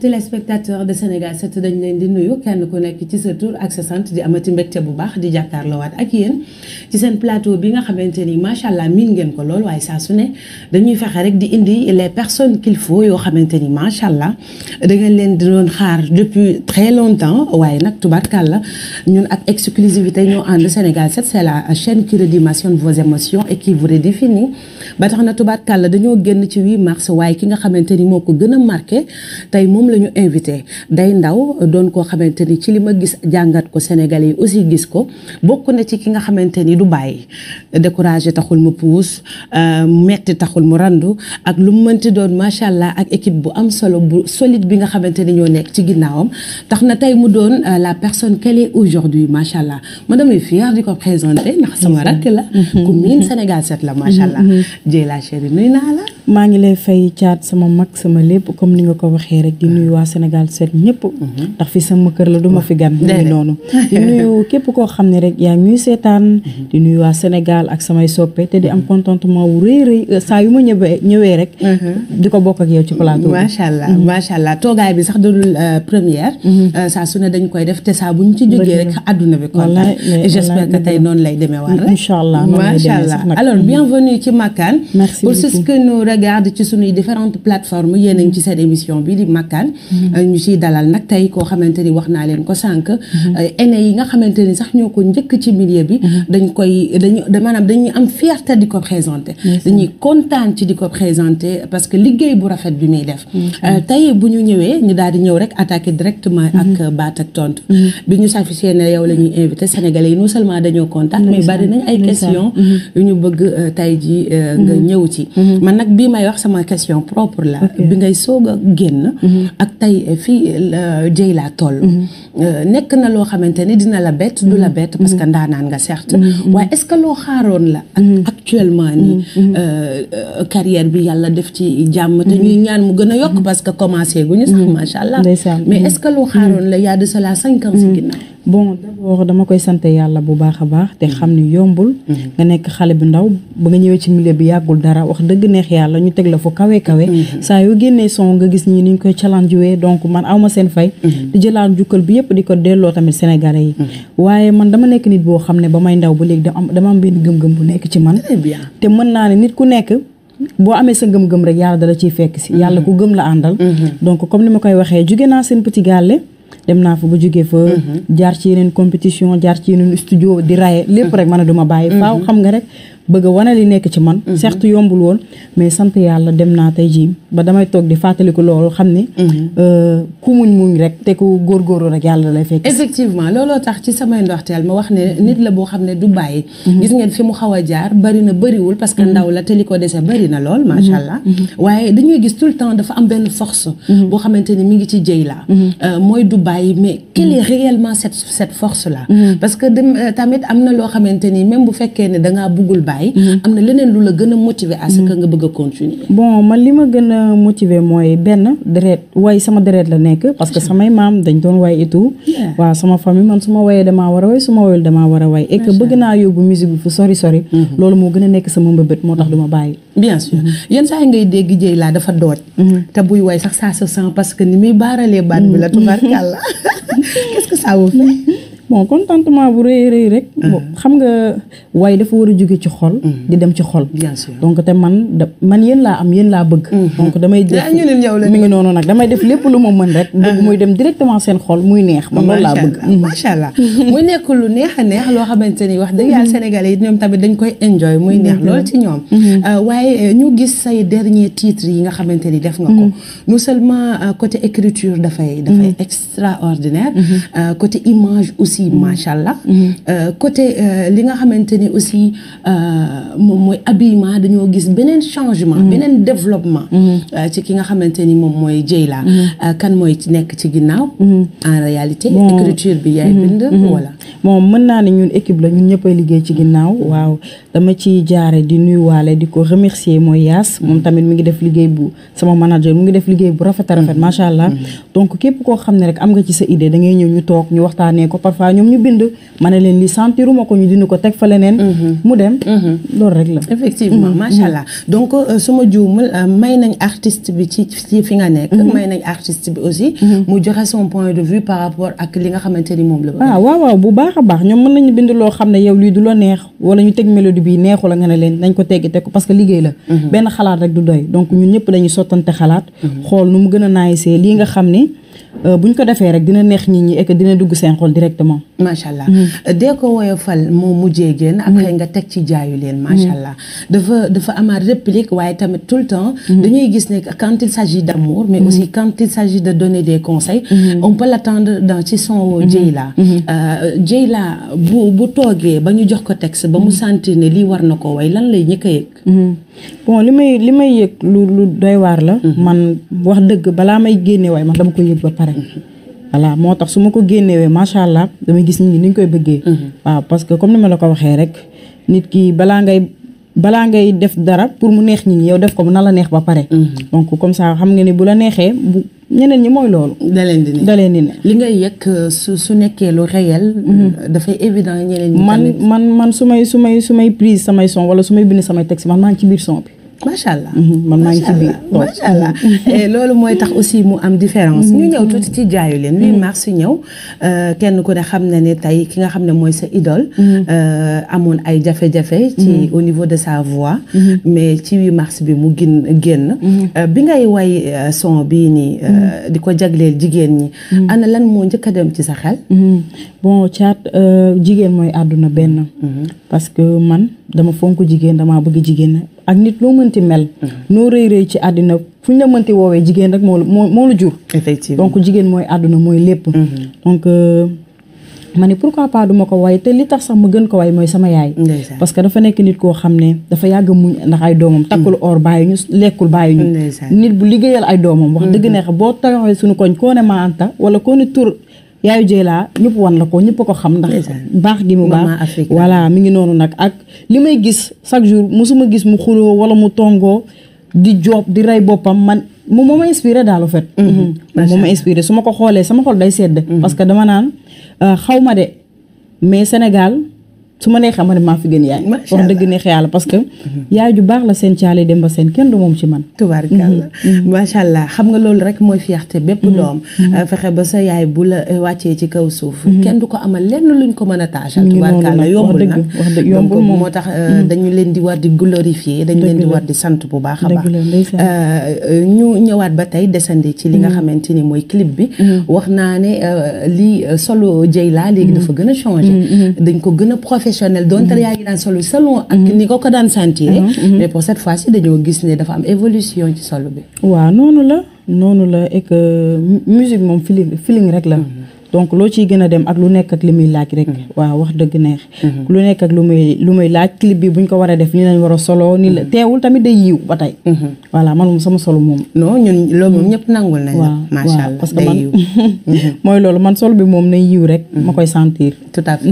téléspectateur de Sénégal set dañ leen di nuyu kenn ku nekk ci sa tur ak sa sant di amati mbégte bu baax di jàkkaarloowaat ak yéen ci seen plateau bi nga xamante ni macha allah miin ngeen ko lool waaye saa su ne dañuy fexe rek di indi les personnes qu'il yoo xamante ni macha allah da ngeen leen di doon xaar depuis très longtemps waaye nag tubarkàlla ñun ak exclusivité ñoo ànd Sénégal set la chaîne qui redimensionne vos émotions et qui vous redéfinit ba tax na tubarkàlla dañoo génn ci 8 mars waaye ki nga xamante ni moo ko gën a marqué moom moom la invité day ndaw doon koo xamante ni ci li ma gis jàngat ko sénégal yi aussi gis ko bokk na ci ki nga xamante ni du bàyyi décoragé taxul mu puus euh, metti taxul mu randu ak lu mu mënti doon macha allah ak équipe bu am solo bu solide bi nga xamante ni ñoo nekk ci ginnaawam tax na tey mu doon euh, la personne qu'elle est aujourd'hui macha allah ma damay fière di ko présenter ndax sama rakk la mm-hmm. ku miin Sénégal set la macha mm-hmm. allah Dieyla mm-hmm. chérie nuyu naa la maa ngi lay fay caat sama mag sama lépp comme ni nga ko waxee rek di mm-hmm. nuyu waa Sénégal set ñëpp. Mm-hmm. ndax fi sama kër la du ma fi gan. dëgg noonu képp koo xam ne rek yaa ngi ñuy seetaan. Mm-hmm. di nuyu waa Sénégal ak samay soppe di am contentement wu rëy rëy euh, yu ma ñëwee ñëwee rek. di ko bokk ak yow ci plateau bi. macha allah macha allah toogaay bi sax dalul euh, première. Euh, saa su ne dañ koy def te saa bu ñu ci jógee rek adduna bi. wallaay wallaay noonu lay demee waat macha allah alors merci beaucoup pour ce que nous regarde ci suñuy différentes plateformes yéen a ngi ci seen émission bi di makkaan. Mm-hmm. Euh, ñu ciy dalal nag tey koo xamante ni wax naa leen ko sànq. Mm-hmm. Euh, aîné yi nga xamante ni sax ñoo ko njëkk ci millier bi. Mm-hmm. dañ koy dañu maanaam dañuy am fierté di ko présenter. dañuy kontaan ci di ko présenter parce que liggéey bu rafet bi muy def. Euh, tey bu ñu ñëwee ñu daal di ñëw rek attaquer directement. ak baat ak tontu. bi ñu saafisee ne yow la invité sénégalais yi non seulement dañoo kontaan. mais bari nañ ay questions yu ñu bëgg tey ji nga ñëw bii may wax sama question propre la bi ngay soog a génn mhm. ak tey eh, fii jëy laa toll mhm. euh, nekk na loo xamante ni dina la bett du la mhm. bett parce que ndaanaan nga certes waaye est-ce que xaaroon la ak actuellement ni euh, euh, carrière bi yàlla def ci jàmm te ñuy ñaan mu gën a yokk parce que commencé guñu sax macha allah mais est que loo xaaroon la yaa de cela cinq si ginnaaw bon d'abord dama koy sant yàlla bu baax a baax te xam ni yombul. Mhm. nga nekk xale bu ndaw ba nga ñëwee ci milieu bi yàggul dara wax dëgg neex yàlla ñu teg la fu kawe kawe. Mhm. saa yoo génnee son nga gis ñii ni ñu koy challengewee donc man awma seen fay. Mhm. di jëlaat jukkal bi yëpp di ko delloo tamit sénégalais yi. waaye man dama nekk nit boo xam ne ba may ndaw ba léegi dama am dama am benn gëm bu nekk ci man. te mën naa ne nit ku nekk. boo amee sa ngëm-ngëm rek yàlla dala ciy fekk si. yàlla ku gëm la àndal. donc comme ni ma koy waxee jóge naa seen petit dem naa fa ba jógee fa mm-hmm. jaar ci yeneen compétition jaar ci yeneen studio di raye mm-hmm. lépp rek man a duma bàyyi faaw mm-hmm. xam nga rek bëgg a wane li nekk ci man certes yombul woon mais sant yàlla dem naa tey jii ba damay toog di fàttaliku loolu xam ni euh, ku muñ muñ rek te ku góorgóorlu rek yàlla lay fekk effectivement looloo tax ci samay ndoxteel ma wax ne nit la boo xam ne du bàyyi gis ngeen fi mu xaw a jaar bari na bariwul parce que ndaw la te li ko dese bari na lool macha allah waaye dañuy am benn force boo xamante ni mi ngi ci jëy laa euh, bàyyi mais quelle est mm. réellement cette cette force là mm. parce que euh, tamit am na loo xamante ni même bu fekkee ne dangaa buggul bàyyi mm. am na leneen lu la gën a motiver à ce nga bëgg a continuer bon man li ma gën a motiver mooy benn deret way sama deret la nekk parce que samay maam dañ doon way et tout waaw sama famille man su ma wayee damaa war a way su ma wayul damaa war a way et que bëgg naa yóbbu musique bi fu sori sori mm-hmm. loolu moo gën a nekk sama mbëbët moo tax mm-hmm. du ma bàyyi bien sûr mm-hmm. yenn saa yi ngay dégg Qu'est-ce que ça vous fait bon contentement bu rëy rëy rek. Mm-hmm. xam nga waaye dafa war a jóge ci xol. Mm-hmm. di dem ci xol. bien donc te man da man yéen laa am yen laa bëgg. Mm-hmm. donc damay def mi ngi noonu nag damay def lépp lu ma mën rek. bëgg muy dem directement seen xol muy neex. man loolu laa bëgg macha allah muy nekk lu neex a neex loo xamante ni wax dëgg yàlla sénégalais yi ñoom tamit dañ koy enjoy muy neex lool ci ñoom. Euh, waaye euh, ñu gis say dernier titre yi nga xamante ni def nga ko. non seulement euh, côté écriture dafay. dafay extraordinaire. côté image aussi. aussi macha allah. coté li nga xamante ni aussi euh, moom mooy habillement dañoo gis beneen changement. Mm-hmm. beneen développement. Mm-hmm. Euh, ci ki nga xamante ni moom mooy Dieyla. Mm-hmm. Euh, kan mooy nekk ci ginnaaw. en réalité. écriture bi yaay bind. mën naa ne ñun équipe la ñun ñëppay liggéey ci ginnaaw waaw dama ci jaare di nuyuwaale di ko remercier mooy Yaas moom tamit mu ngi def liggéey bu sama manager mu ngi def liggéey bu rafet rafet macha allah donc képp koo xam ne rek am nga ci sa idée da ñëw ñu toog ñu waxtaanee ko parfois. fois ñoom ñu bind ma leen li sentiruma ko ñu dindi ko teg fa leneen mhm. mu dem mhm. loolu rek la effectivement mhm. macha allah donc euh, su ma juumul euh, may nañ artiste bi ci fi nga nekk may nañ artiste bi aussi mu joxe son point de vue par rapport ak li nga xamante ni moom la ah waaw waaw bu baax a baax ñoom mën nañ bind loo xam ne yow lii du la neex wala ñu teg mélodie bi neexu la nga ne leen nañ ko teggi teg ko parce que liggéey la benn xalaat rek du doy donc ñun ñëpp dañuy sottante xalaat xool nu mu gën a naayisee lii nga xam ni Euh, bu ñu ko defee rek dina neex nit ñi et dina dugg seen xol directement. macha allah dee ko fal moo mujjee génn. Mm-hmm. après nga teg ci jaayu leen. macha mm-hmm. allah dafa dafa amaat réplique waaye tamit tout le temps. Mm-hmm. dañuy gis ne quand il s'agit d'amour mais aussi quant il s'agit de donner des conseils. on la l'attendre dans ci son Dieyla. Dieyla euh, bu bu toogee ba ñu jox ko texte ba mu sentir ne lii war na ko way lan lay ñëkk a yëg. bon li may li may yëg lu lu doy waar la. Mhm. man wax dëgg balaa may génne waaye man dama koy yëg ba pare. Mhm. voilà moo tax su ma ko génnewee macha allah damay gis nit ñi ni ñu koy bëggee. Mhm. waaw parce que comme ni ma la ko waxee rek nit ki balaa ngay. balaa ngay def dara pour mu neex nit ñi yow def ko mu na la neex ba pare. Mm-hmm. donc comme ça xam nga ni bu la neexee bu ñeneen ñi mooy loolu. da leen di ne da leen li ngay yëg euh, su su nekkee lu réel. Mm-hmm. Euh, dafay évident ñeneen ñi. man man man su may su may su may prise samay son wala su may bind samay texte man maa ngi ci biir son bi. macha allah man mhm, maa ngi ci biir macha allah oh. mhm. eh, loolu mooy tax aussi mu am différence. Mhm. ñu ñëw tuuti ci jaayu leen. 8 mars ñëw euh, kenn ku ne xam na ne tey ki nga xam ne mooy sa idole. Euh, amoon ay jafe-jafe. ci au niveau de sa voix. mais ci 8 mars bi mu gin génn. Euh, bi ngay way son bii nii. di ko jagleel jigéen ñi. ana lan moo njëkk a dem ci sa xel. bon caat jigéen mooy àdduna benn. parce que man dama fonk jigéen damaa bëgg jigéen. ak nit loo mënti mel. Mhm. noo rëy rëy ci àddina fu ñu la mënti woowee jigéen rek moo moo moo la jur. effectivement donc jigéen mooy àdduna mooy lépp. Mhm. donc euh, ma ne pourquoi pas du ma ko way te li tax sax ma gën ko way mooy sama yaay. parce que dafa nekk nit koo xam ne dafa yàgg muñ ndax ay doomam. takkul mhm. or bàyyi ñu lekkul bàyyi ñu. nit bu liggéeyal ay doomam. wax dëgg neex boo taxawee suñu koñ koo ne maa anta koo ne tur. yaayu Dieyla ñëpp wan la ko ñëpp ko xam ndax baax gi mu baax voilà mu ngi noonu nag ak li may gis chaque jour mosuma gis mu xuloo wala mu tongoo di joob di rey boppam man moom moo ma inspiré daal au fait mhm. mhm. moom ma inspiré su ma ko xoolee sama xol day sedd mhm. parce que dama naan euh, xaw ma de mais Sénégal su ma neexee ma ne maa fi gën yaay. wax dëgg neex yàlla parce que. Mm-hmm. yaay ju baax la seen caale dem ba seen kenn du moom ci man. tubaarkàlla macha mm-hmm. mm-hmm. allah xam nga loolu rek mooy te bépp doom. Euh, fexe ba sa yaay bu la euh, wàccee ci kaw suuf. kenn du ko amal lenn luñ ko mën a taajal. tubaarkàlla yombul nag wax dëgg moom moo tax euh, dañu leen di war di glorifier dañu leen di war di sant bu baax a baax. ñu ñëwaat ba tey desandi ci li nga xamante ni mooy clip bi. wax naa ne li solo Dieyla léegi professionnel donte mhm. yaa ngi daan solu selon ak mhm. ni ko ko daan sentir. Mhm, mais pour cette fois ci dañoo gis ne dafa am évolution ci solu bi. waaw noonu la noonu la et que musique moom feeling rek la. donc loo ciy gën a dem ak lu nekk ak muy laaj rek mhm. waaw wax dëgg neex mhm. lu nekk ak muy lu muy laaj clip bi bu buñ ko war a def ni lañ war a solo ni la mhm. teewul tamit day yiw ba tey voilà man sama solo moom non ñun loolu moom ñëpp nangul nañ waaw macha allah mooy loolu man solo bi moom nay yiw rek ma koy sentir tout à fait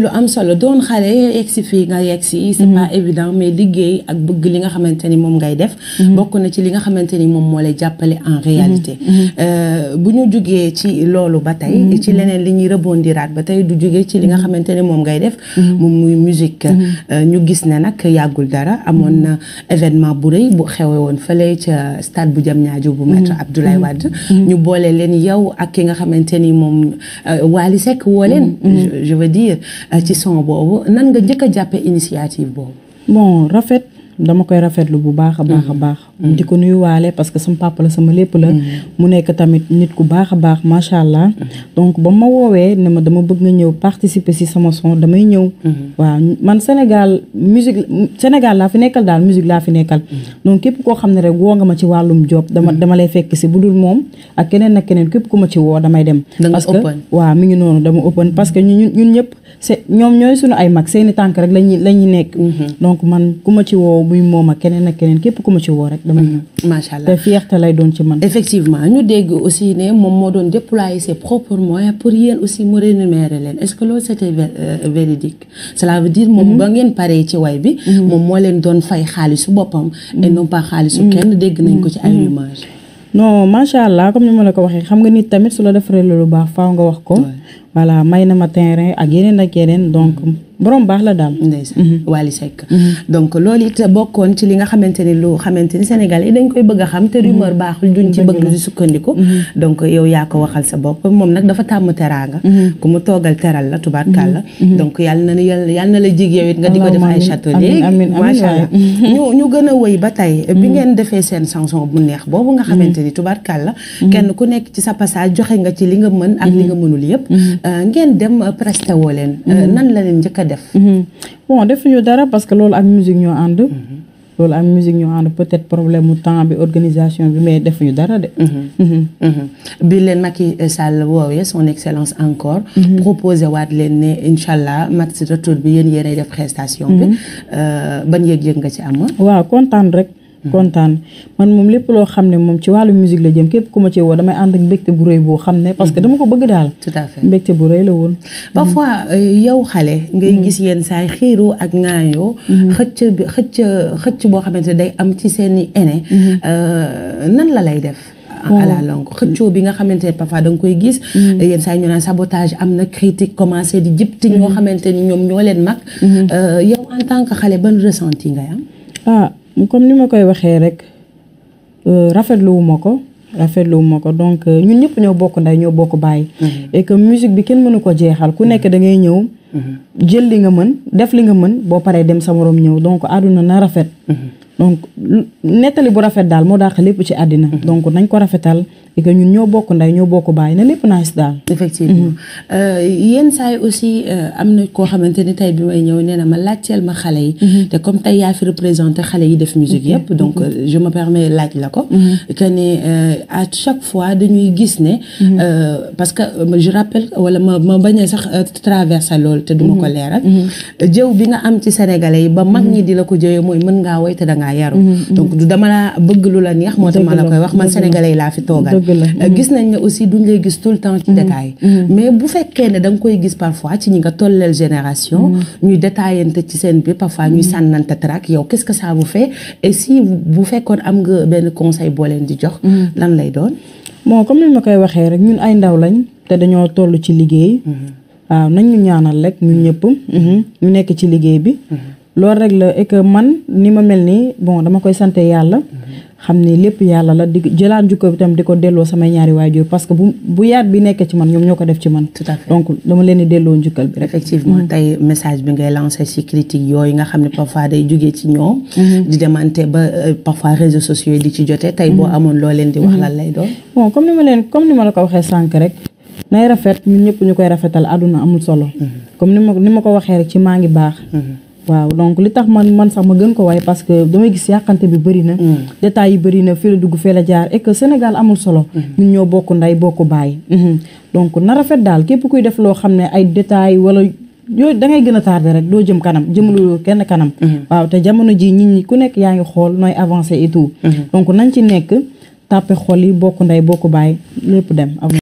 lu am solo doon xale yegg si fii nga yegg si c'est pas évident mais liggéey ak bëgg li nga xamante ni moom ngay def bokk na ci li nga xamante ni moom moo lay jàppale en réalité euh, bu ñu jugee ci loolu ba tey tey ci mm-hmm. leneen li ñuy rebondiraat ba tey du jóge ci li nga mm-hmm. xamante ne moom ngay def mm-hmm. moom muy musique euh, ñu gis ne nag yàggul dara amoon na événement bu rëy bu xewee woon fële ca stade bu Diamniadio bu maître Abdoulaye Wade ñu boole leen yow ak ki nga xamante ni moom euh, Wally Seck woo leen je veux dire euh, ci son boobu nan nga njëkk a jàppe initiative boobu bon rafet dama koy rafetlu bu baax a baax a baax di ko nuyuwaale parce que sama papa la sama lépp la. Mm-hmm. mu nekk tamit nit ku baax a baax macha allah. Mm-hmm. donc ba ma woowee ne ma dama bëgg nga ñëw participer si sama son damay ñëw. Mm-hmm. waaw man Sénégal musique Sénégal laa fi nekkal daal musique laa fi nekkal. donc képp koo xam ne rek woo nga ma ci wàllum job dama dama lay si bu moom ak keneen ak keneen képp ku ma ci woo damay dem. parce que waaw mi ngi noonu dama open parce que ñu ñun ñëpp c'est ñoom ñooy suñu ay mag seeni tànk rek lañuy lañuy nekk. donc man ku ma ci woo muy moom ak keneen ak keneen képp ku ma ci woo rek. dama mhm. macha allah te fierté lay doon ci man. effectivement ñu dégg aussi ne moom moo doon déployer ses propres pour yéen aussi mu rémunérer leen est ce que loolu c' était euh, véridique cela dire moom mhm. ba ngeen paree ci way bi. Mhm. moom moo leen doon fay xaalisu boppam. et non pas xaalisu kenn dégg nañ ko ci ay image non macha allah comme ni ma la ko waxee xam nga nit tamit su la defaree lu baax faaw nga wax ko. voilà may na ma terrain ak yeneen ak yeneen donc borom baax la daal. ndeysaan mhm. Wally Seck. Mhm. donc loolu it bokkoon ci li nga xamante ni lu xamante ni Sénégal yi dañ koy bëgg a xam te mhm. rumeur baaxul duñ ci bëgg di sukkandiku. donc yow yaa ko waxal sa bopp moom nag dafa tàmm teraanga. ku mu toogal teral la tubaarkàlla. donc yal na yal na la jig it nga di ko def ay château léegi. amiin ñu gën a wëy ba tey. bi ngeen defee seen chanson bu neex boobu nga xamante ni la kenn ku nekk ci sa passage joxe nga ci li nga mën ak li nga mënul yëpp Euh, ngeen dem euh, presté woo leen. Euh, mhm. nan la leen njëkk a def. Mhm. bon defuñu dara parce que loolu ak musique ñoo ànd. Mhm. loolu am musique ñu ànd peut-être problème mu temps bi organisation bi mais defuñu dara de. bii leen yi Sall woowee son excellence encore. proposé waat leen ne incha allah match retour bi yéen yéenay def prestation bi. ban yëg-yëg nga ci am. waaw kontaan rek. kontaan man moom lépp loo xam ne moom ci wàllu musique la jëm képp ku ma ci woo damay ànd ak mbégte bu rëy boo xam ne parce que mm-hmm. dama ko bëgg daal tout à fait bu rëy la woon parfois euh, yow xale ngay mm-hmm. gis yenn saay xiiroo ak ŋaayoo mm-hmm. xëcc xëcc xëcc boo xamante ne day am ci seeni aîné euh, nan la lay def à la oh. longue bi nga xamante ne parfois da nga koy gis yenn saa ñu naan sabotage am na critique commencé di jëp ti ñoo xamante ni ñoom ñoo leen mag euh, yow en tant que xale ban ressenti ngay am ah, comme ni ma koy waxee rek euh, rafetluwu ma ko rafetluwu ma ko donc euh, ñun ñëpp ñoo bokk nday ñoo bokk bàyyi mhm. et que musique bi kenn mënu ko jeexal ku nekk da ngay ñëw mhm. jël li nga mën def li nga mën boo paree dem sa morom ñëw donc àdduna na rafet mhm. donc nettali bu rafet daal moo dàq lépp ci àddina mm-hmm. donc nañ ko rafetal et que ñun ñoo bokk nday ñoo bokk bàyyi na lépp nice daal effectivement mm-hmm. euh, yenn saa yi aussi euh, am na koo xamante ni tey bi may ñëw nee na ma laajteel ma xale yi mm-hmm. te comme tey yaa fi xale yi def musique yëpp donc euh, je me permets laaj la ko que ne à chaque fois dañuy gis ne parce que ma rappelle wala ma ma bañ a sax traversé loolu te duma ko leeral jëw bi nga am ci sénégalais yi ba mag ñi di la ko jëwee mooy mën ngaa woy te dangaa yaru donc du dama la bëgg lu la neex moo tax ma la koy wax man sénégalais laa fi toogal euh, gis nañ ne aussi duñ lay gis tout temps ci mm-hmm. détail mm-hmm. mais bu fekkee ne da nga koy gis parfois ci ñi nga tolleel génération mm-hmm. ñuy détaillante ci seen bi parfois ñuy sànnante track yow quest que ça fait et si bu fekkoon am nga benn conseil boo leen di jox lan lay doon bon comme ni ma koy waxee rek ñun ay ndaw lañ te dañoo toll ci liggéey waaw nañ ñaanal rek ñun ñëpp ñu nekk ci liggéey loolu rek la et man ni ma mel nii bon dama koy sante yàlla xam ni lépp yàlla la di jëlaat njukko bi tam di ko delloo samay ñaari waajur parce que bu bu yaat bi nekkee ci man ñoom ñoo ko def ci man. tout à fait donc leen di delloo njukkal bi. effectivement mm-hmm. tey message bi ngay lancé ci critique yooyu nga xam ne parfois day jugee ci ñoom. Mm-hmm. di demante ba euh, parfois réseaux sociaux yi di jotee. tey boo mm-hmm. amoon loo leen di wax la lay doon. bon comme ni ma leen comme ni ma la ko waxee sànq rek. nay rafet ñun ñëpp ñu koy rafetal àdduna amul solo. comme ni ma ko waxee ci maa ngi baax. waaw donc li tax man man sax ma gën ko waaye parce que damay gis yàqante bi bëri na. Mm. détails yi bëri na fii la dugg fee la jaar et Sénégal amul solo. Mm-hmm. ñun ñoo bokk nday bokk bàyyi. Mm-hmm. donc na rafet daal képp kuy def loo xam ne ay détails wala. yooyu da gën a tardé rek doo jëm kanam jëmaluloo kenn kanam mm-hmm. waaw te jamono ji nit ñi ku nekk yaa ngi xool nooy avancé et tout donc nañ ci nekk tàppe xol yi bokk ndey bokk bàyyi lépp dem